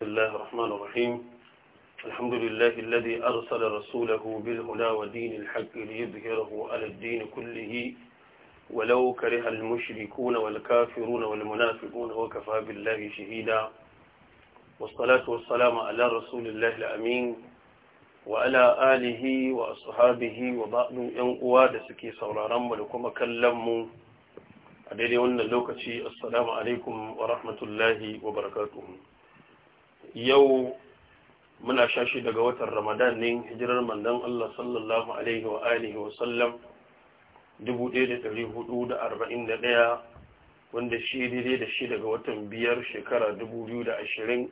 بسم الله الرحمن الرحيم الحمد لله الذي أرسل رسوله بالهدى ودين الحق ليظهره على الدين كله ولو كره المشركون والكافرون والمنافقون وكفى بالله شهيدا والصلاة والسلام على رسول الله الأمين وعلى آله وأصحابه وبعض ينقوى سكي صورا ولكم كلموا أدري أن اللوكة السلام عليكم ورحمة الله وبركاته yau muna shashi daga watan ramadan ne hijirar mandan Allah sallallahu alaihi wa alihi wa sallam 1441 wanda shi daidai da shi daga watan biyar shekara 2020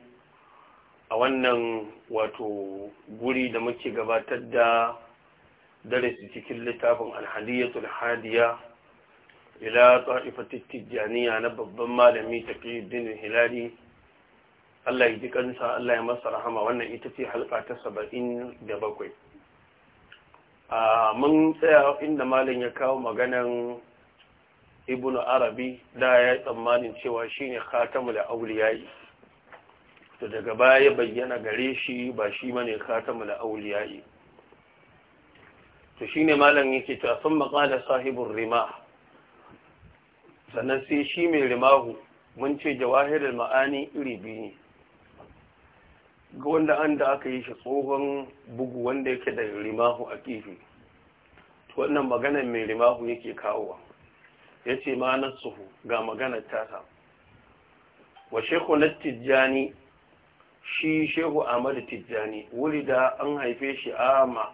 a wannan wato guri da muke gabatar da darasi cikin littafin alhadiyatul hadiya ila ta'ifatit tijaniya na babban malami Dinin hilali Allah ya ji kansa Allah ya masa rahama wannan ita ce halka ta saba'in da bakwai mun tsaya inda malin ya kawo maganan ibn arabi da ya yi tsammanin cewa shi ne da aure ya yi, to daga baya bayyana gare shi ba shi da aure ya yi. to shi ne malam yake ta sun maƙala sahibin rima sannan sai shi mai rimahu mun ce jawahirar ma'ani iri biyu ne ga wanda an da aka yi shi tsohon bugu wanda yake da rimahu a kifi wannan maganar mai rimahu yake kawowa ya ce ma'anar suhu ga maganar tasa wa shehu na tijjani shi shehu Amadu tijjani wuri da an haife shi a ma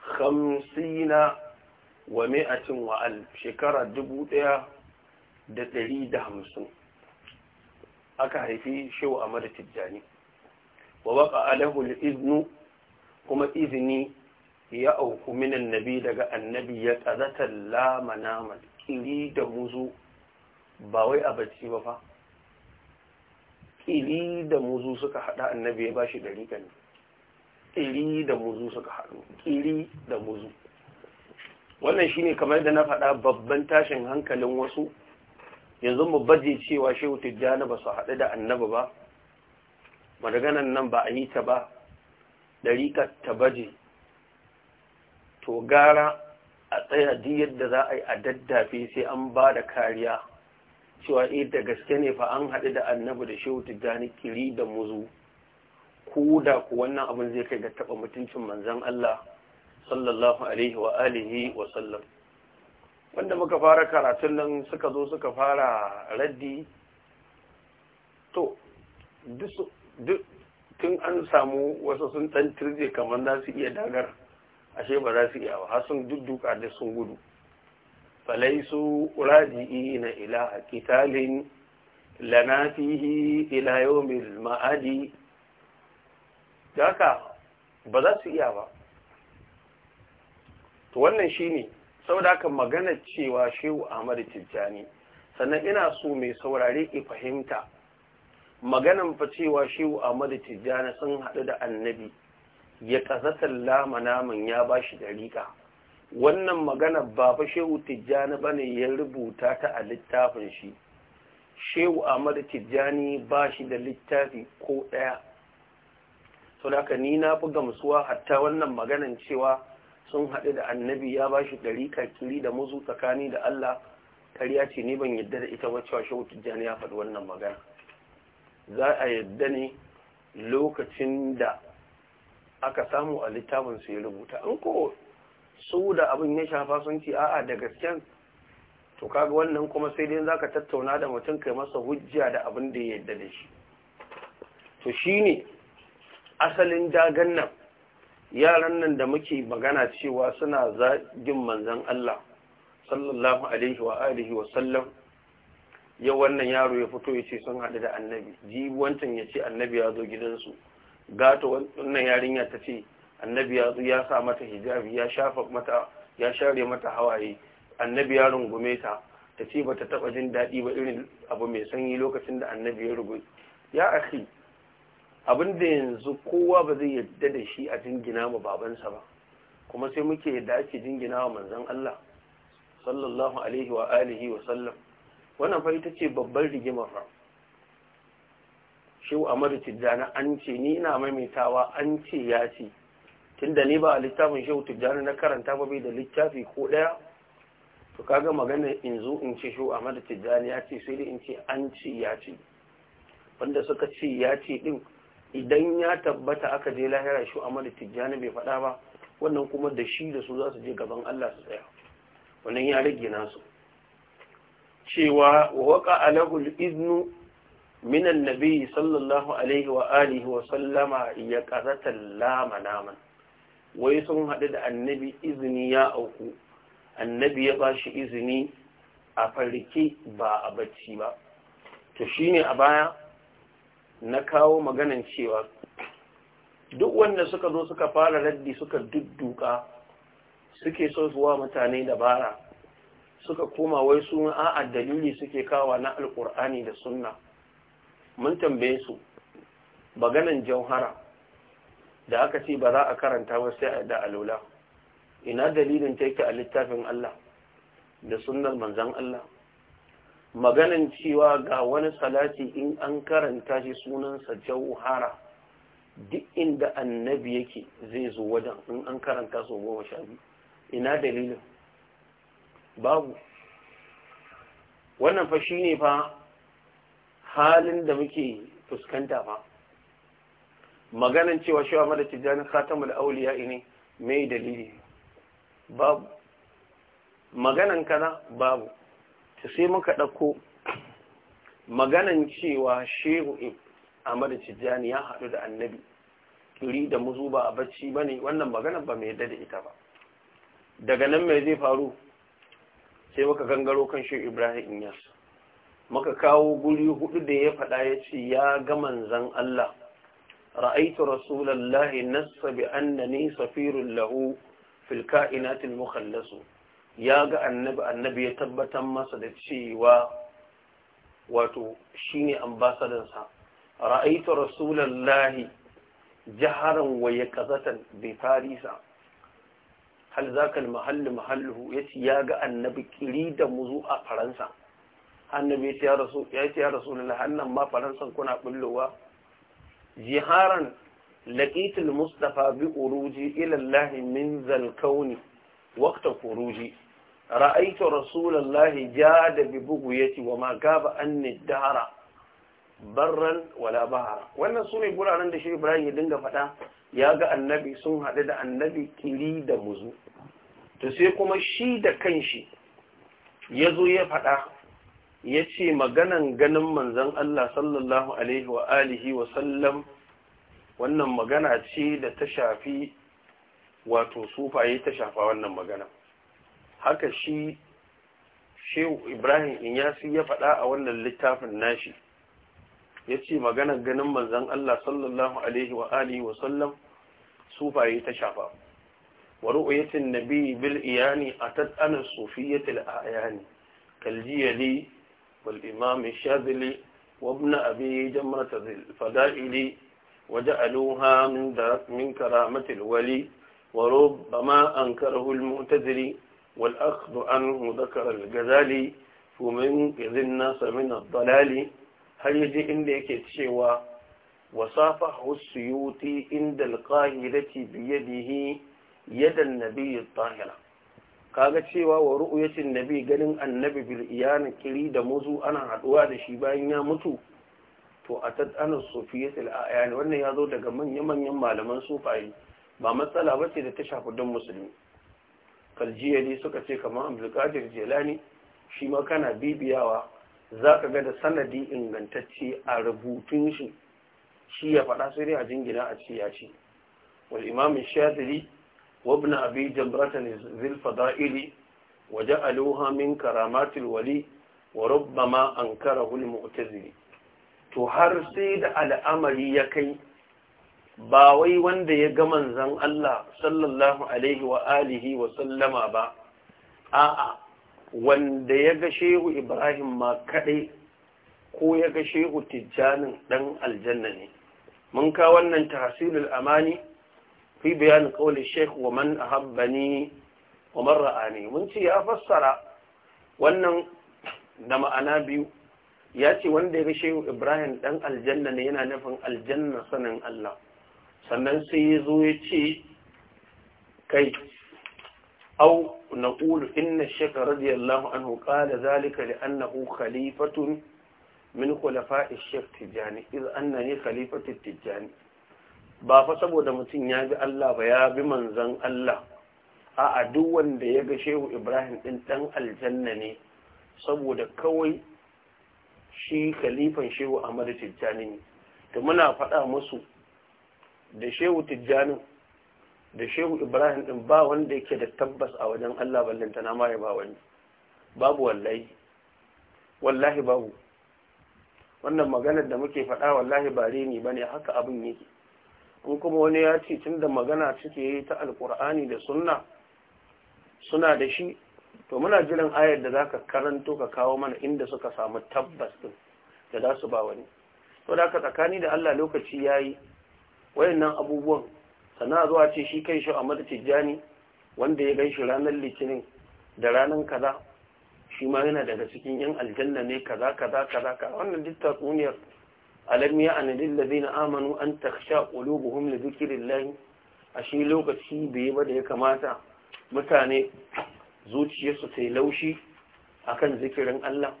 hamsina wa cin wa'al shekara dubu daya da dari da hamsin aka haifi shehu Amadu tijjani wa waka alahu iznu kuma izini ya auku minan nabi daga annabi ya ƙazatar lamanaman ƙiri da muzu ba wai a bacci ba fa ƙiri da muzu suka haɗa annabi ya ba shi ɗari kan ƙiri da muzu suka haɗu ƙiri da muzu wannan shi ne kamar da na faɗa babban tashin hankalin wasu yanzu mu baje cewa shehu tijjani ba su haɗu da Annabi ba marganan nan ba a yi ta ba ɗariƙar ta baje to gara a tsaya duk yadda za a yi a daddafe sai an ba da kariya cewa e da gaske ne fa an haɗu da annabi da shehu tijjani kiri da muzu ko da ku wannan abin zai kai ga taɓa mutuncin manzan Allah sallallahu alaihi wa alihi wa sallam wanda muka fara karatun nan suka zo suka fara raddi to duk duk tun an samu wasu sun ɗan turje kamar za su iya dagar ashe ba za su iya ba har sun dudduka da sun gudu falaisu raji'i na ilaha kitalin lana fihi ila yawmil ma'adi da ba za su iya ba to wannan shine saboda kan magana cewa shehu Ahmad Tijjani sannan ina so mai saurare ki fahimta maganan fa cewa shehu amadu Tijjani sun haɗu da annabi ya kazatar lama naman ya ba shi dariƙa wannan magana ba fa shehu Tijjani ba ne ya rubuta ta a littafin shi shehu amadu Tijjani ba shi da littafi ko ɗaya sau da ni na fi gamsuwa hatta wannan maganan cewa sun haɗu da annabi ya ba shi dariƙa kiri da muzu tsakani da Allah ƙarya ce ne ban yadda da ita wacce shehu Tijjani ya faɗi wannan magana za a yadda ne lokacin da aka samu a littafin su ya rubuta an ko su da abin ya shafa sun ce a'a da gasken to kaga wannan kuma sai dai za ka tattauna da mutum kai masa hujja da abin da ya yadda da shi to shi ne asalin dagan nan yaran nan da muke magana cewa suna zagin manzan Allah sallallahu alaihi wa alihi wa sallam yau wannan yaro ya fito ya ce sun haɗu da annabi ji wancan ya ce annabi ya zo gidansu gato wannan yarinya ta ce annabi ya zo ya sa mata hijabi ya shafa mata ya share mata hawaye annabi ya rungume ta ta ce bata taɓa jin daɗi ba irin abu mai sanyi lokacin da annabi ya rugu ya akhi abin yanzu kowa ba zai yadda da shi a jingina ma babansa ba kuma sai muke yadda ake jingina wa manzon Allah sallallahu alaihi wa alihi wa sallam wannan fa ita ce babbar rigimar fa shi Amadu Tijjani an ce ni ina maimaitawa an ce ya ce tunda ni ba a littafin Shehu Tijjani na karanta ba bai da littafi ko daya to kaga magana in zo in ce a Amadu Tijjani ya ce sai dai in ce an ce ya ce wanda suka ce ya ce din idan ya tabbata aka je lahira a Amadu Tijjani bai faɗa ba wannan kuma da shi da su za su je gaban Allah su tsaya wannan ya rage nasu cewa wa waka alahul iznu minan nabi sallallahu alaihi wa alihi wa sallama ya karata lama naman wai sun haɗu da annabi izini ya auku annabi ya bashi izini a farke ba a bacci ba to shine a baya na kawo maganan cewa duk wanda suka zo suka fara raddi suka dudduka suke so zuwa mutane dabara suka koma wai su a'a dalili suke kawa na alkur'ani da sunna mun tambaye su baganan jauhara da aka ce ba za a karanta ba sai da alula ina dalilin ta a littafin Allah da sunnar manzan Allah maganan cewa ga wani salati in an karanta shi sunansa jauhara duk inda annabi yake zai zo wajen in an karanta su goma sha biyu ina dalilin babu wannan fa shine fa halin da muke fuskanta fa maganan cewa shi amma da khatamu da auliya ne mai dalili babu maganan kaza babu ta sai muka ɗauko maganan cewa shehu Ahmad Tijjani ya haɗu da annabi turi da muzu ba a bacci ba ne wannan maganan ba mai yadda da ita ba daga nan mai zai faru sai muka gangaro kan shi ibrahim inyas muka kawo guri hudu da ya faɗa ya ce ya ga manzan allah ra'aitu rasulallah nassa bi annani safirun lahu fil ka'inatil mukhallasu ya ga annabi annabi ya tabbatar masa da cewa wato shine sa ra'aitu rasulallah jaharan wa yaqazatan bi farisa hal zakal mahallu mahalluhu ya ce ya ga annabi kiri da muzu a faransa annabi ya ce ya rasu ya ce ya hannan ma faransan kuna bullowa jiharan laqitul mustafa bi uruji ila allah min zal kauni waqta khuruji ra'aytu rasulallahi jada bi bughyati wa ma gaba anni dahara barran wala bahara wannan sune guraren da shi Ibrahim ya dinga faɗa ya ga annabi sun haɗu da annabi kiri da muzu to sai kuma shi da kanshi ya zo ya faɗa ya ce maganan ganin manzan Allah sallallahu alaihi wa alihi wa sallam wannan magana ce da ta shafi wato sufaye ta shafa wannan magana haka shi shehu ibrahim inyasi ya faɗa a wannan littafin nashi yace magana ganin manzon Allah sallallahu alaihi wa alihi wa sallam sufaye ta shafa wa ru'yatin nabi bil iyani atat an sufiyatil ayani kaljiyali wal imam shadili وابن أبي جمرة ذي الفدائل وجعلوها من, من كرامة الولي وربما أنكره المعتذر والأخذ عنه ذكر الجزالي فمن يذ الناس من dalali har yaje inda yake cewa وصافحه inda عند القاهرة بيده yadan النبي tahira kaga cewa wa ru'yatin nabi ganin annabi bil iyan kiri da muzu ana haduwa da shi bayan ya mutu to atad an sufiyatul ayani wannan ya zo daga manyan manyan malaman sufai ba matsala bace da ta shafi dan musulmi kaljiyali suka ce kamar abdul qadir jilani shi ma kana bibiyawa za ka ga da sanadi ingantacce a rubutun shi shi ya faɗa sai dai a jingina a ce ya ce wal imamin shadiri وابن أبي جمرة ذي الفضائل wali, من كرامات الولي وربما أنكره المؤتزل to har sai da al'amari ya kai ba wai wanda ya ga manzon Allah sallallahu alaihi wa alihi wa sallama ba a'a wanda ya ga shehu ibrahim ma kaɗai ko ya ga shehu tijjanin ɗan aljanna ne mun ka wannan tahsilul amani fi bayan kaulin sheikh wa man ahabbani wa man ra'ani mun ce ya fassara wannan da ma'ana biyu ya ce wanda ya ga shehu ibrahim ɗan aljanna ne yana nufin aljanna sanin allah sannan sai ya zo ya ce kai أو نقول إن الشيخ رضي الله عنه قال ذلك لأنه خليفة من خلفاء الشيخ تجاني إذ أنني خليفة التجاني ba fa saboda mutum ya bi Allah ba ya bi manzon Allah a duk wanda ya ga Shehu Ibrahim din dan aljanna ne saboda kawai shi khalifan Shehu Ahmadu Tijjani ne to muna faɗa musu da Shehu Tijjani da shehu ibrahim din ba wanda yake da tabbas a wajen allah ballanta na maye ba wani babu wallahi wallahi babu wannan maganar da muke faɗa wallahi ba reni bane ne haka abin yake in kuma wani ya ce tun da magana suke yi ta alkur'ani da sunna suna da shi to muna jiran ayar da zaka ka karanto ka kawo mana inda suka samu tabbas din da za su ba wani to da haka tsakani da allah lokaci ya yi wayannan abubuwan sana a zuwa ce shi kai shi a mata tijjani wanda ya gaishi ranar litinin da ranar kaza shi ma yana daga cikin yan aljanna ne kaza kaza kaza kaza wannan duk tatsuniyar alam ya anadil ladina amanu an takhsha qulubuhum li dhikrillah a shi lokaci bai ba da ya kamata mutane su sai laushi akan zikirin Allah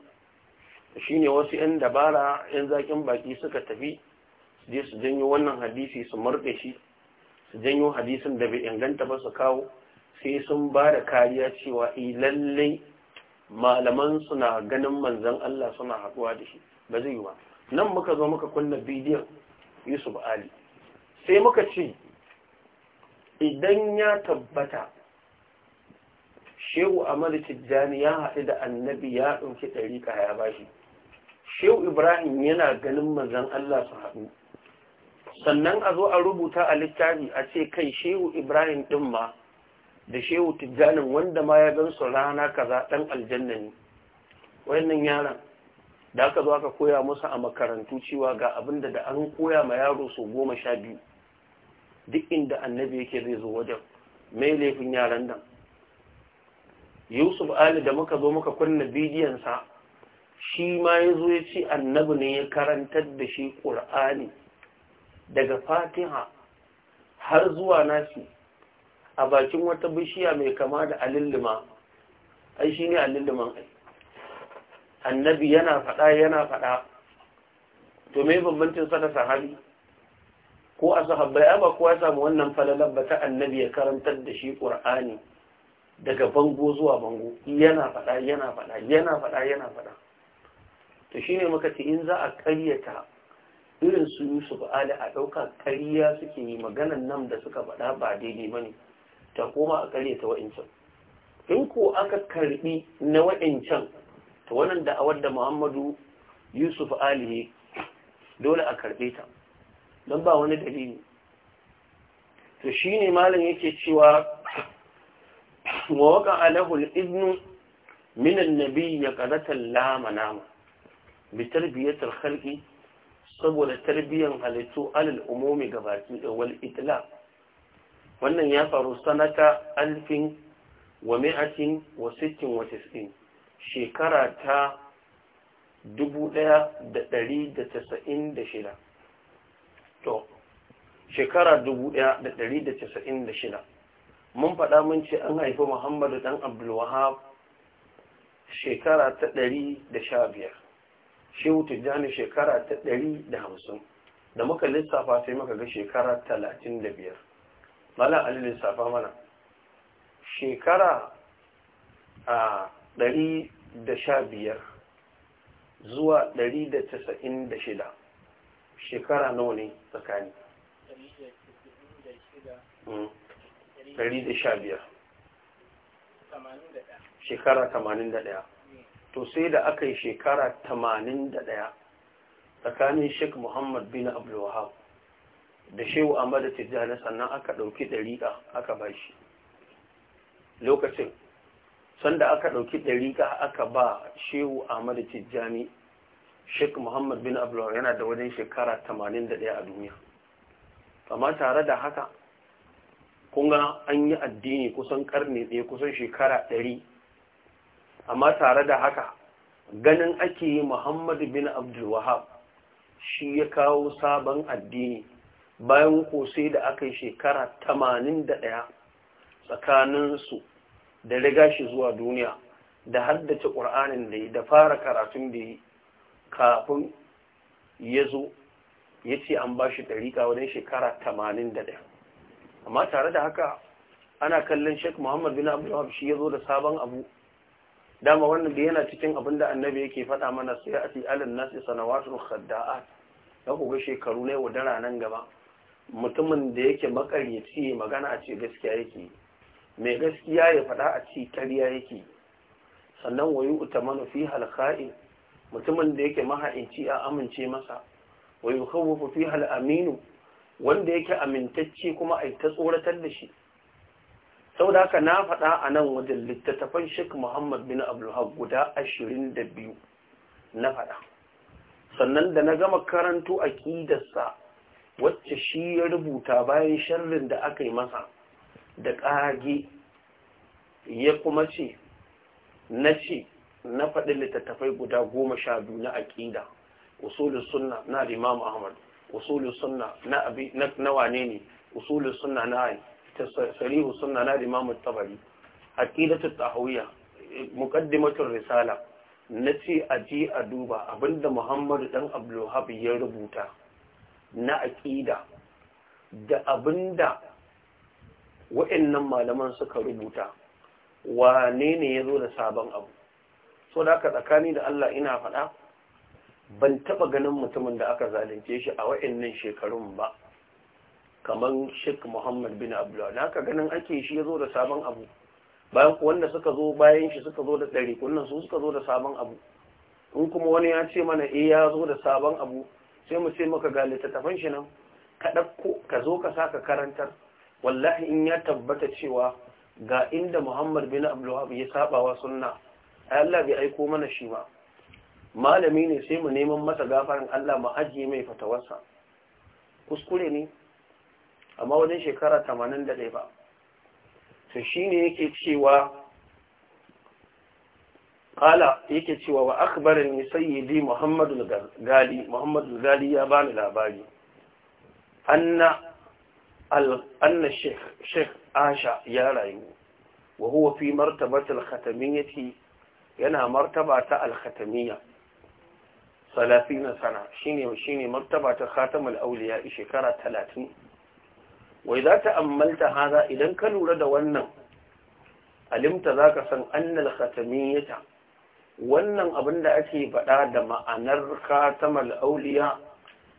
shine wasu yan dabara yan zakin baki suka tafi su je su janyo wannan hadisi su murde shi su janyo hadisin da bai inganta ba su kawo sai sun ba da kariya cewa eh, lallai malaman suna ganin manzan Allah suna haɗuwa da shi ba zai yi ba nan muka zo muka kunna bidiyon yusuf ali sai muka ce idan ya tabbata shehu amadu tijjani ya haɗu da annabi ya ɗauki ɗariƙa ya bashi shehu ibrahim yana ganin manzan Allah su haɗu sannan a zo a rubuta a littafi a ce kai shehu ibrahim ɗin ma da shehu tijjanin wanda ma ya gansu rana kaza ɗan aljanna ne wayannan yaran da aka zo aka koya musu a makarantu cewa ga abin da da an koya ma yaro su goma sha biyu duk inda annabi yake zai zo wajen mai laifin yaran nan yusuf ali da muka zo muka kunna bidiyonsa shi ma ya zo ya ce annabi ne ya karantar da shi ƙur'ani daga fatiha har zuwa nasi a bakin wata bishiya mai kama da alilima ai shi ne alilima ai annabi yana faɗa yana faɗa to me bambancin sa da sahabi ko a sahabbai ba kowa samu wannan falalar ba ta annabi ya karantar da shi ƙur'ani daga bango zuwa bango yana faɗa yana faɗa yana faɗa yana faɗa to shine muka ce in za a ƙaryata irin su yusuf ali a ɗaukar ƙarya suke yi maganan nan da suka faɗa ba daidai ba ne ta koma a ƙarya ta wa'incan in ko aka karɓi na wa'incan ta wannan da a da muhammadu yusuf ali dole a karɓe ta don ba wani dalili to shi ne malam yake cewa mawaka alahul ibnu minan nabi ya ƙaratar lama nama bitar biyatar halki saboda tarbiyyar halittu alal umumi ga baki wal itla wannan ya faru sanata alfin wa mi'atin wa sittin shekara ta dubu to shekara 1196 mun faɗa mun ce an haifi muhammadu ɗan abdulwahab shekara ta ɗari da biyar shehu tijjani shekara ta ɗari da hamsin da muka lissafa sai muka ga shekara talatin da biyar mala ali lissafa mana shekara a ɗari da sha biyar zuwa ɗari da casa'in da shida shekara nawa ne tsakani hmm. ɗari da sha biyar shekara tamanin da ɗaya to sai da aka yi shekara 81 tsakanin sheik muhammad bin abdullahab da shehu amada tijjani sannan aka ɗauki ɗariƙa aka ba shi lokacin sanda aka ɗauki ɗariƙa aka ba shehu amada tijjani sheik muhammad bin abdullahab yana da wajen shekara 81 a duniya amma tare da haka kunga an yi addini kusan karni ɗaya kusan shekara ɗari amma tare da haka ganin ake yi muhammadu bin abdulwahab shi ya kawo sabon addini bayan kosai da aka yi shekara tsakanin su da riga shi zuwa duniya da haddace ƙur'anin da ya da fara karatun da yi kafin ya zo ya ce an ba shi ɗariƙa wajen shekara 81 amma tare da haka ana kallon sheik muhammad bin abdulwahab shi ya zo da sabon abu dama wannan da yana cikin abin da annabi yake faɗa mana sai a ti alin nasi sanawatun khadda'at na kuga shekaru ne wadara ranar gaba mutumin da yake makaryaci magana a ce gaskiya yake mai gaskiya ya faɗa a ce karya yake sannan wayu utamanu fi halqa'i mutumin da yake maha'inci a amince masa wayu kawo fi aminu wanda yake amintacce kuma ai ta tsoratar da shi da haka na faɗa a nan wajen littattafan shek muhammad bin abdullahi guda ashirin da biyu na faɗa sannan da na gama karanto sa wacce shi ya rubuta bayan sharrin da aka yi masa da ƙage ya kuma ce na ce na faɗi littattafai guda goma sha biyu na aƙida usulun sunna na imam ahmad usulun sunna na wane ne usulun sunna na sharihu sunna na imam tabari aqidatu tahawiyya muqaddimatul risala nace aji a duba abinda muhammadu dan abdulhab ya rubuta na aqida da abinda wa'annan malaman suka rubuta wane ne ya zo da sabon abu so da tsakani da Allah ina faɗa ban taɓa ganin mutumin da aka zalunce shi a wa'annan shekarun ba kamar Sheikh Muhammad bin Abdullah na ka ganin ake shi ya zo da sabon abu bayan wanda suka zo bayan shi suka zo da ɗari kunnan su suka zo da sabon abu in kuma wani ya ce mana eh ya zo da sabon abu sai mu ce maka ga littattafan shi nan ka ɗauko ka zo ka saka karantar wallahi in ya tabbata cewa ga inda Muhammad bin Abdulwahab ya sabawa sunna ai Allah bai aiko mana shi ba malami ne sai mu neman masa gafarin Allah mu ajiye mai fatawarsa kuskure ne amma wajen shekara tamanin da ɗaya ba to shi ne yake cewa ƙala yake cewa wa akbarin ni sayyidi muhammadu gali muhammadu gali ya bani labari anna anna sheikh asha ya rayu wa huwa fi martabatul khatamiyyati yana martaba ta al-khatamiyya salafi na sana shine shine martaba ta khatamul awliya shekara 30 wai za ta ammalta haza idan ka lura da wannan alimta za ka san annal khatamiyata wannan abin da ake faɗa da ma'anar khatamal auliya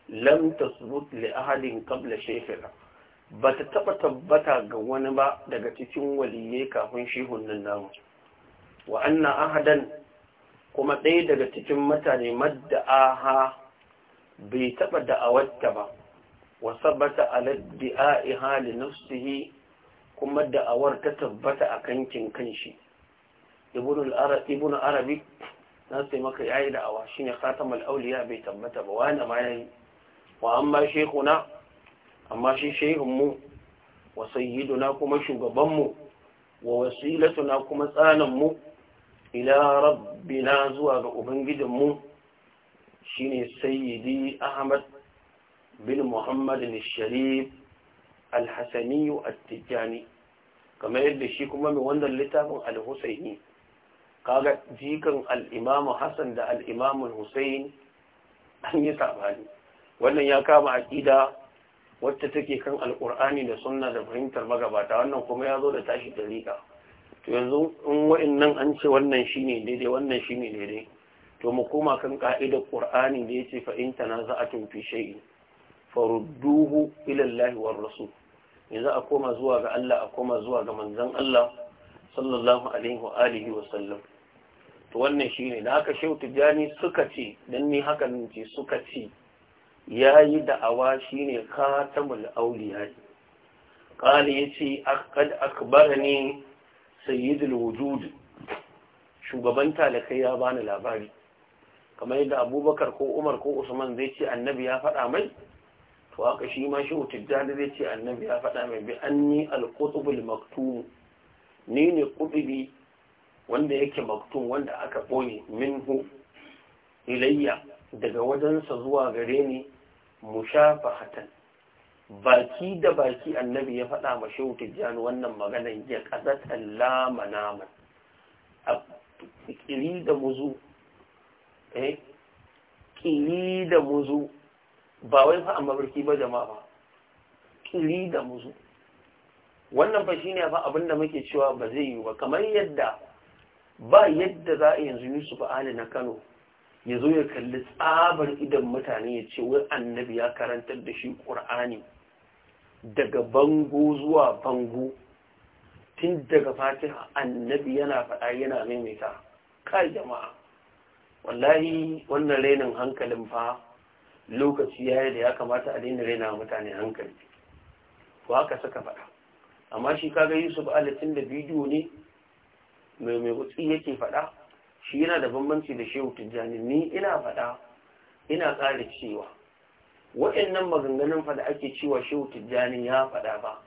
lam tasbut li ahadin qabla shaykhina ba ta taɓa tabbata ga wani ba daga cikin waliye kafin shehun nan namu wa anna ahadan kuma ɗaya daga cikin mutane madda aha bai taɓa da'awarta ba wasabata sabata ala di'a'iha kuma da'awar ta tabbata a kankin kanshi ibnu arabi ibnu na sai maka yayi da'awa shine khatamul awliya bai tabbata ba wani ma yayi wa amma shekuna amma shi shehunmu wa kuma shugabanmu wa wasilatuna kuma tsananmu ila rabbina zuwa ga ubangijinmu shine sayyidi ahmad bin muhammadin sharif alhassaniyu attijani kamar yadda shi kuma mai wannan littafin alhussaini kaga jikan al'imamu hassan da al'imamun hussain an yi sabani wannan ya kama aƙida wacce take kan alƙur'ani da sunna da fahimtar magabata wannan kuma ya zo da tashi dariƙa to yanzu in wa'annan an ce wannan shine daidai wannan shine dai to mu koma kan ƙa'idar qur'ani da yace fa in tanaza'atum fi shay'in farudduhu ilallahi wa war rasul yanzu a koma zuwa ga Allah a koma zuwa ga manzon Allah sallallahu alaihi wa alihi wa sallam to wannan shine da haka Shehu Tijani suka ce dan ni haka ce suka ce yayi da'awa shine khatamul awliya قال yace قد أكبرني سيد الوجود shugabanta Shugaban kai ya bani labari kamar yadda abubakar ko umar ko usman zai ce annabi ya faɗa mai to aka shi ma shi tijjani zai ce annabi ya faɗa mai bi anni al alƙutubul maktum ni ne wanda yake maktum wanda aka ɓoye minhu ilayya daga wajensa zuwa gare ni mushafahatan baki da baki annabi ya faɗa ma shehu tijjani wannan maganan ya kazatan lama naman a ƙiri da muzu eh ƙiri da muzu ba wai fa a mabarki ba jama'a kiri da muzu wannan fa shine fa abin da muke cewa ba zai yi ba kamar yadda ba yadda za a yanzu Yusuf Ali na Kano ya zo ya kalli tsabar idan mutane ya ce wai annabi ya karantar da shi Qur'ani daga bango zuwa bango tun daga fatiha annabi yana faɗa yana maimaita kai jama'a wallahi wannan renin hankalin fa lokaci ya yi da ya kamata a daina raina mutane hankali ko haka suka faɗa amma shi kaga yusuf alatin da bidiyo ne mai mai kutsi yake faɗa shi yana da bambanci da shehu tijjani ni ina faɗa ina ƙara cewa waɗannan maganganun fa da ake cewa shehu tijjani ya faɗa ba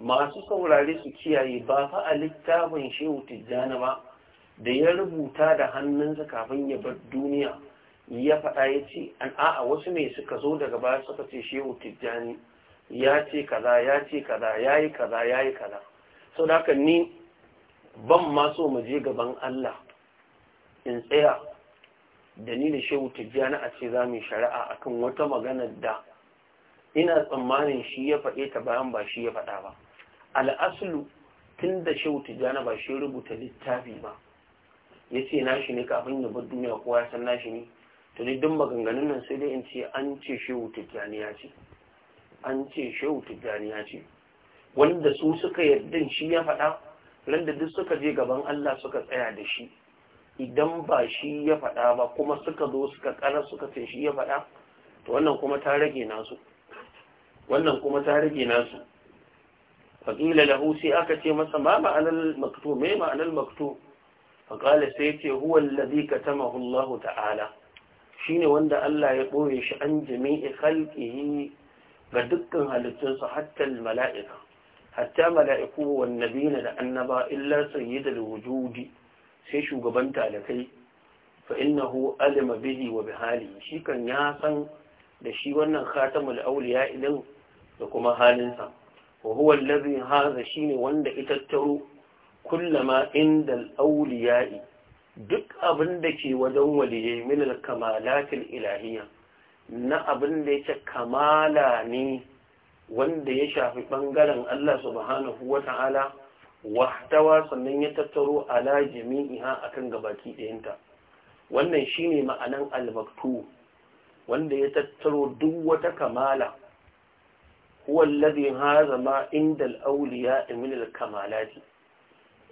masu saurare su kiyaye ba fa a littafin shehu tijjani ba da ya rubuta da hannunsa kafin ya bar duniya ya faɗa ya ce an a'a wasu ne suka zo daga baya suka ce shehu tijjani ya ce kaza ya ce kaza ya yi kaza ya yi kaza sau da haka ni ban maso so mu je gaban Allah in tsaya da ni da shehu tijjani a ce za mu shari'a akan wata magana da ina tsammanin shi ya faɗe ta bayan ba shi ya faɗa ba al'asulu tun da shehu tijjani ba shi rubuta littafi ba ya ce nashi ne kafin ya bar duniya kowa ya san nashi ne to dai duk maganganun nan sai dai in ce an ce shehu tijjani ya ce an ce shehu tijjani ya ce wanda su suka yarda shi ya faɗa randa duk suka je gaban Allah suka tsaya da shi idan ba shi ya faɗa ba kuma suka zo suka ƙara suka ce shi ya faɗa to wannan kuma ta rage nasu wannan kuma ta rage nasu lahu sai aka ce masa ma ma'anar maktu me ma'anar maktu faƙala sai ce huwa allazi katamahu Allah ta'ala shine wanda Allah ya ɓoye shi an jami'i khalqihi ga dukkan halittunsa hatta mala'ika hatta mala'iku wan nabiyina da annaba illa sayyidul wujudi sai shugaban talakai fa innahu alima bihi wa bihali, shi kan ya san da shi wannan khatamul awliya idan da kuma halinsa wa huwa allazi hadha shine wanda itattaro kullama indal awliya'i duk abin da ke wajen waliyai minal kamalatin ilahiyya na abin da yake kamala ne wanda ya shafi ɓangaren Allah subhanahu Ta'ala, wahtawa sannan ya tattaro ala jami'iha kan gabaki ɗayanta wannan shine ma'anan albaktu wanda ya tattaro duk wata kamala huwa alladhi hazama inda al-awliya min kamalati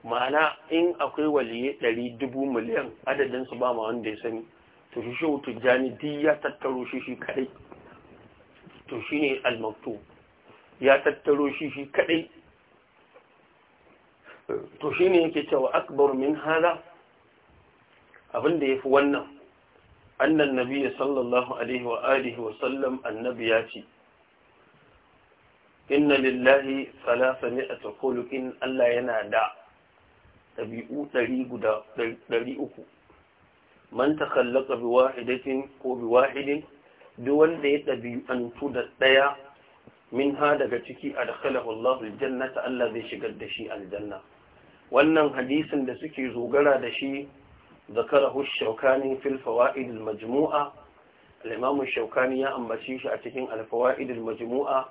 ma'ana in akwai waliye ɗari dubu miliyan adadin su ba ma wanda ya sani to shi shehu tijjani duk ya tattaro shi shi kadai to shi ne almaktu ya tattaro shi shi kadai to shi ne yake cewa akbar min hada abinda ya fi wannan annan nabiya sallallahu alaihi wa alihi wa sallam annabi ya ce inna lillahi salasa ne a Allah yana da 300 man ta kallaka bi wahidatin ko bi wahidin duk wanda ya ɗabi'antu da ɗaya min ha daga ciki a dakalahu Allah aljanna ta Allah zai shigar da shi aljanna wannan hadisin da suke zogara da shi zakarahu shaukani fil fawaid al majmu'a al-imam shaukani ya ambace shi a cikin al fawaid al majmu'a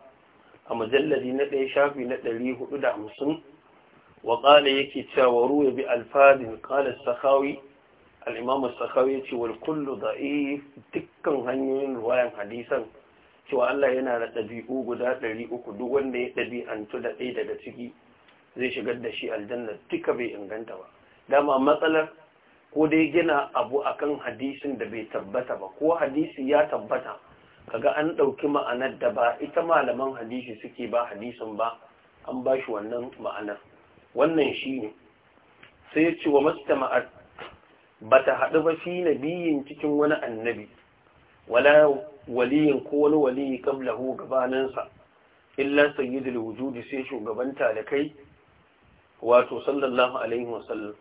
a mujalladi na 1 shafi na ɗari da hamsin. Waƙala yake وقال يكي تاورو بألفاظ قال ya ce السخاوي يتي والكل ضعيف تكا hanyoyin رواية hadisan. cewa Allah yana da ɗabi'u guda ɗari uku duk wanda ya ɗabi'antu da ɗaya daga ciki zai shigar da shi aljanna duka bai inganta ba dama matsalar ko dai gina abu akan hadisin da bai tabbata ba ko hadisi ya tabbata kaga an ɗauki ma'anar da ba ita malaman hadisi suke ba hadisin ba an ba shi wannan ma'anar wannan shi ne sai ya ce wa Mastama'ar. ba ta haɗu ba fi nabiyin cikin wani annabi wala waliyin ko wani waliyi kablahu gabaninsa illa sayyidul wujudi sai shugabanta da kai wato sallallahu alaihi wasallam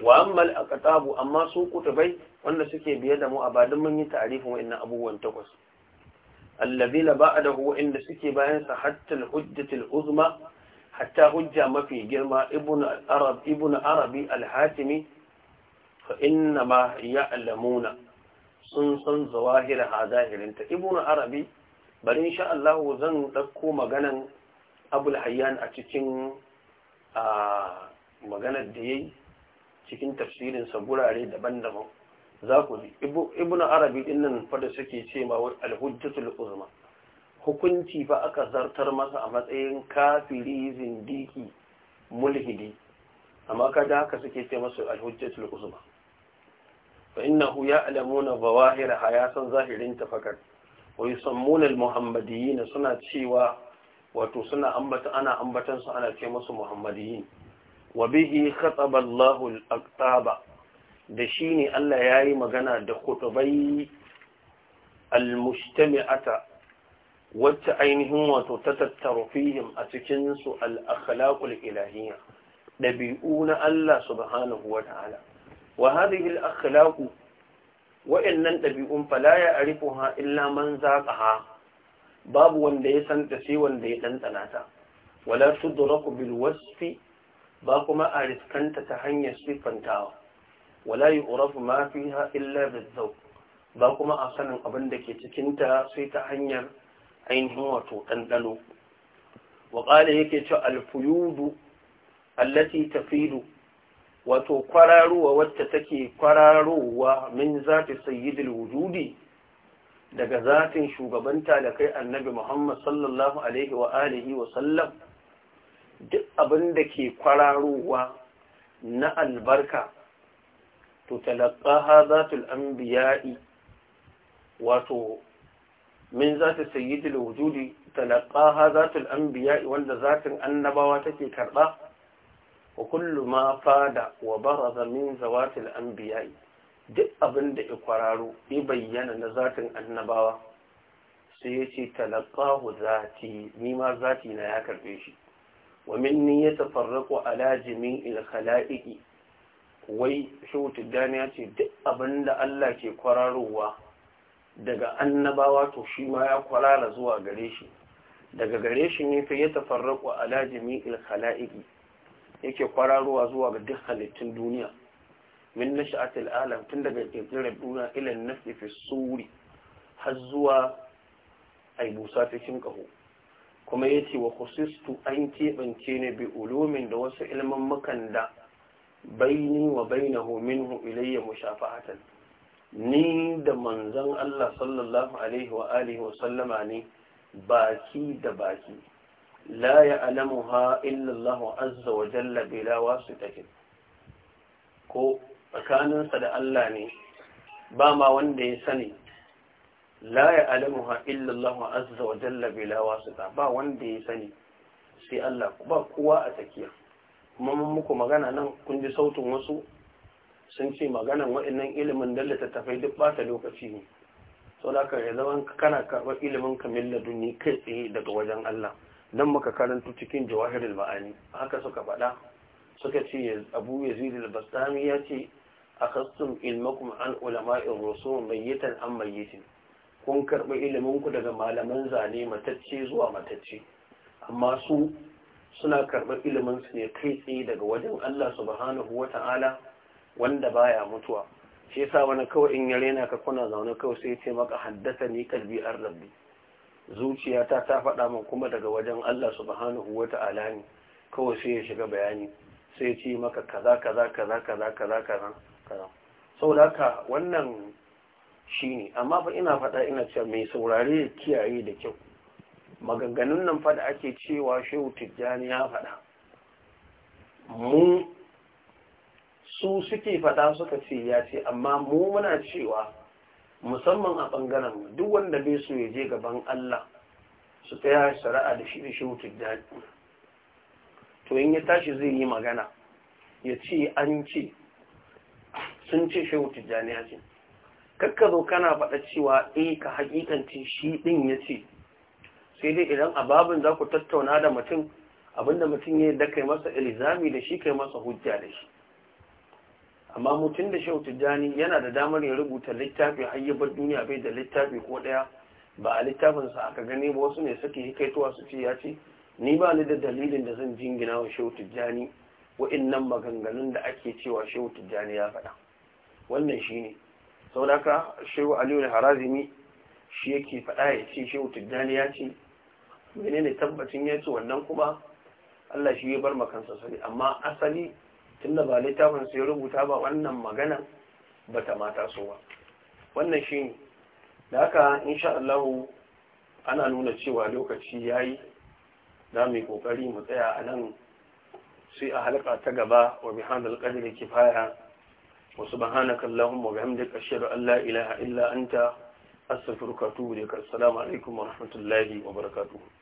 wa amma al-aqtabu amma su kutubai wanda suke biye da mu a badin mun yi ta'arifin wa'annan abubuwan takwas alladhina ba'dahu wa inda suke bayan sa hatta al-hujjatul uzma hatta hujja mafi girma ibn arabi al-hatimi fa inna ma ya'lamuna sun san zawahir ha zahirinta ibn arabi bari insha Allah zan dauko maganan abul hayyan a cikin a maganar da yayi cikin tafsirin sa gurare daban-daban za ku ji ibn arabi dinnan fa da suke cewa al-hujjatul uzma hukunci fa aka zartar masa a matsayin kafiri zindiki mulhidi amma kaji haka suke ce masu alhujjatul uzma fa innahu ya'lamuna zawahir hayasan zahirin tafakkar wa yusammuna almuhammadiyyin suna cewa wato suna ambata ana ambatan su ana ce masu muhammadiyyin wa bihi khataba Allahu al-aqtaba da shine Allah yayi magana da khutubai al-mujtami'ata wacce ainihin wato ta tattaro fihim a cikinsu al'akhlaƙul ilahiyya ɗabi'u na Allah subhanahu wa ta'ala wa hadhihi al-akhlaqu ɗabi'un fala ya arifuha illa man ha? babu wanda ya san ta sai wanda ya dantsana ta wala tudraku bil wasfi ba kuma a riskanta ta hanyar siffantawa wala yu'rafu ma fiha illa bizawq ba kuma a sanin abin da ke cikin ta sai ta hanyar ainihin wato ɗanɗano waƙala yake ce alfuyudu allati tafidu wato kwararowa wacce take kwararowa min zata sayyidil wujudi daga zatin shugabanta da kai annabi Muhammad sallallahu alaihi wa alihi wa sallam duk abin da ke kwararowa na albarka to talaqaha zatul anbiya'i wato من ذات السيد الوجود تلقاها ذات الأنبياء والذات النبوات في كربة وكل ما فاد وبرز من ذوات الأنبياء دي أبن دي إقرارو إبين ذات النبوة سيتي تلقاه ذاتي مما ذاتي لا يكر ومني يتفرق على جميع الخلائق وي شوت الدانياتي دي أبن دي الله كي قرارو daga annabawa to shi ma ya kwalala zuwa gare shi daga gare shi ne fa ya tafarraku ala jami'il khala'iqi yake kwararowa zuwa ga duk halittun duniya min nash'atil alam tun daga kirkirar duniya ila nafsi fi suri har zuwa ai busa cikin kaho kuma yace wa khusistu an kebance ne bi ulumin da wasu ilman makanda baini wa bainahu minhu ilayya mushafa'atan ni da manzon Allah sallallahu alaihi wa alihi wa sallama ne baki da baki la ya'lamuha illa Allah azza wa jalla bila wasitatin ko tsakaninsa da Allah ne ba ma wanda ya sani la ya ya'lamuha illa Allah azza wa jalla bila wasita ba wanda ya sani sai Allah ba kowa a tsakiya kuma mun muku magana nan kun ji sautin wasu sun ce maganan waɗannan ilimin da littattafai duk ba ta lokaci ne sau da ya zama kana karɓar ilimin kamar laduni kai tsaye daga wajen Allah nan muka karantu cikin jawahirul ma'ani haka suka faɗa suka ce abu yazid al-bastami ya ce akhastum ilmakum an ulama'ir rusul mayyitan an mayyitin kun karɓi ilimin ku daga malaman zane matacce zuwa matacce amma su suna karɓar ilimin su ne kai tsaye daga wajen Allah subhanahu wata'ala wanda baya mutuwa shi yasa wani kawai in yare na ka kuna zaune kawai sai ce maka haddasa ni kalbi ar rabbi zuciyata ta faɗa min kuma daga wajen Allah subhanahu wata'ala ne kawai sai ya shiga bayani sai ya ce maka kaza kaza kaza kaza kaza kaza kaza saboda ka wannan shine amma fa ina faɗa ina cewa mai saurare ya kiyaye da kyau maganganun nan fa da ake cewa shehu tijjani ya faɗa mu su suke faɗa suka ce ya ce amma mu muna cewa musamman a ɓangaren duk wanda bai so ya je gaban Allah su tsaya shari'a da shi da shi daji to in ya tashi zai yi magana ya ce an ce sun ce shi daji ya ce kakka zo kana faɗa cewa eh ka hakikanci shi ɗin ya ce sai dai idan a babin za ku tattauna da mutum abinda mutum ya yi da kai masa ilizami da shi kai masa hujja da shi amma mutum da shau tijjani yana da damar ya rubuta littafi hayyabar duniya bai da littafi ko daya ba a littafinsa aka gani ba wasu ne suke hikaitowa su ce ya ce ni ba ni da dalilin da zan jingina wa shau tijjani wa'innan maganganun da ake cewa shehu tijjani ya faɗa wannan shi ne sau da ka shehu aliyu harazimi shi yake faɗa ya ce shehu tijjani ya ce menene tabbacin ya ce wannan kuma allah shi ya bar makansa sani amma asali tunda ba littafin sai rubuta ba wannan magana bata mata so ba wannan shi ne da haka insha Allah ana nuna cewa lokaci yayi za mu yi kokari mu tsaya a nan sai a halka ta gaba wa bihadal qadri kifaya wa subhanaka allahumma wa bihamdika ashhadu an la ilaha illa anta astaghfiruka wa atubu ilaik assalamu alaikum wa rahmatullahi wa barakatuh